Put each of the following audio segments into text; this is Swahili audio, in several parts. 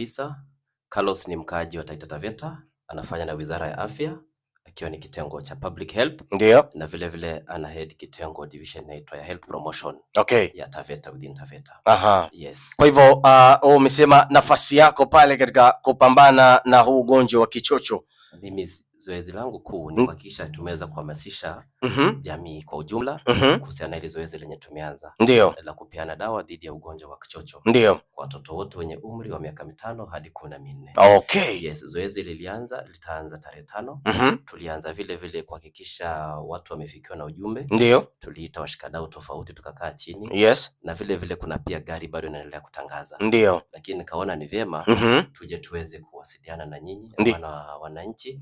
kabisa, Carlos ni mkaaji wa Taita Taveta, anafanya na Wizara ya Afya akiwa ni kitengo cha public health. Ndio. Na vile vile ana head kitengo division inaitwa ya health promotion. Okay. Ya Taveta within Taveta. Aha. Yes. Kwa hivyo uh, umesema nafasi yako pale katika kupambana na huu ugonjwa wa kichocho. Mimi zoezi langu kuu ni mm. kuhakikisha tumeweza kuhamasisha mm -hmm. jamii kwa ujumla mm -hmm. kuhusiana na ile zoezi lenye tumeanza ndio la kupeana dawa dhidi ya ugonjwa wa kichocho ndio kwa watoto wote wenye umri wa miaka mitano hadi kumi na minne. Okay. Yes, zoezi lilianza litaanza tarehe tano mm -hmm. tulianza vile vile kuhakikisha watu wamefikiwa na ujumbe ndio tuliita washikadau tofauti tukakaa chini yes. na vile vile kuna pia gari bado inaendelea kutangaza ndio, lakini nikaona ni vyema mm -hmm. tuje tuweze ku kuwasiliana na nyinyi na wananchi,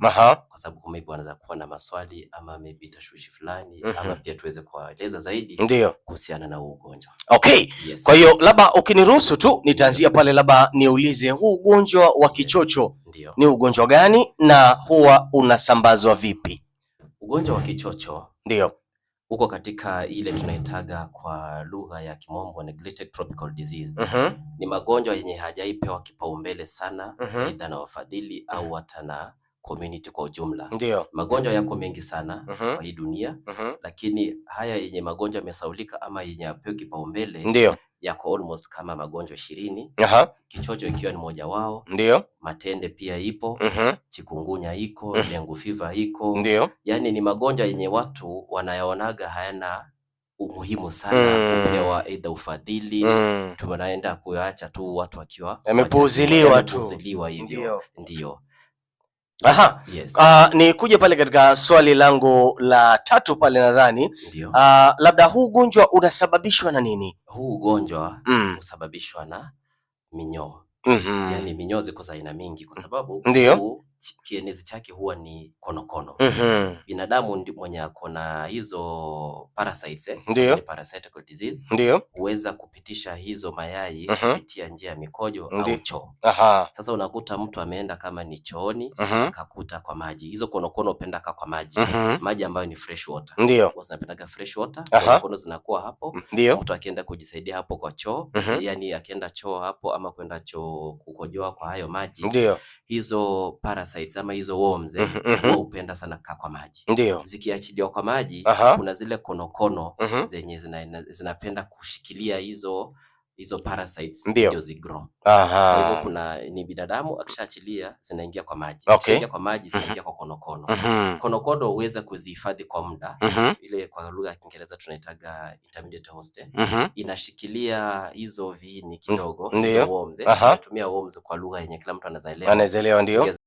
kwa sababu maybe wanaweza kuwa na maswali ama maybe tashwishi fulani mm -hmm. ama pia tuweze kuwaeleza zaidi ndio kuhusiana na huu ugonjwa okay. Yes. Kwa hiyo labda ukiniruhusu tu nitaanzia pale, labda niulize huu ugonjwa wa kichocho Ndiyo. ni ugonjwa gani na huwa unasambazwa vipi? Ugonjwa wa kichocho ndio uko katika ile tunaitaga kwa lugha ya kimombo neglected tropical disease. Uh mm-hmm. -huh. Ni magonjwa yenye hajaipewa kipaumbele sana, uh -huh. aidha na wafadhili au hata na community kwa ujumla. Ndio. Magonjwa yako mengi sana mm -hmm. kwa hii dunia mm -hmm. lakini haya yenye magonjwa yamesaulika ama yenye apewe kipaumbele ndio yako almost kama magonjwa ishirini. Aha. Kichocho ikiwa ni moja wao. Ndio. Matende pia ipo. mm -hmm. Chikungunya iko. mm -hmm. Dengue fever iko. Ndio. Yaani ni magonjwa yenye watu wanayaonaga hayana umuhimu sana mm. aidha ufadhili mm. tunaenda kuacha tu watu wakiwa yamepuuziliwa tu. Ndio. Aha. Yes. Uh, ni kuja pale katika swali langu la tatu pale nadhani. Uh, labda huu ugonjwa unasababishwa na nini? Huu ugonjwa mm. husababishwa mm. na minyoo. Mm -hmm. Yaani minyoo ziko za aina mingi kwa sababu Ndio kienezi chake huwa ni konokono kono. mm -hmm. Binadamu ndi mwenye kona hizo parasites eh? Ndio. Parasitical disease. Ndio. Huweza kupitisha hizo mayai mm -hmm. kupitia njia ya mikojo au choo. Aha. Sasa unakuta mtu ameenda kama ni chooni mm -hmm. akakuta kwa maji hizo konokono upenda kwa maji mm -hmm. maji ambayo ni fresh water. Ndio. Zinapendaga fresh water. Konokono zinakuwa hapo. Ndiyo. Mtu akienda kujisaidia hapo kwa choo mm -hmm. yani akienda choo hapo ama kwenda choo kukojoa kwa hayo maji Ndio. hizo parasites parasites ama hizo worms eh, mm -hmm. hupenda sana kaa kwa maji. Ndio. Zikiachiliwa kwa maji Aha. kuna zile konokono mm -hmm. zenye zina, zinapenda kushikilia hizo hizo parasites ndio zigrow. Aha. Kwa hivyo kuna ni binadamu akishaachilia zinaingia kwa maji. Okay. Mhm. Zinaingia kwa maji zinaingia mm -hmm. kwa konokono. Mm -hmm. Konokono huweza kuzihifadhi kwa muda. Mm -hmm. Ile kwa lugha ya Kiingereza tunaitaga intermediate host. Mm -hmm. Inashikilia hizo viini kidogo hizo worms. Tunatumia eh. worms kwa lugha yenye kila mtu anaelewa. Anaelewa ndio.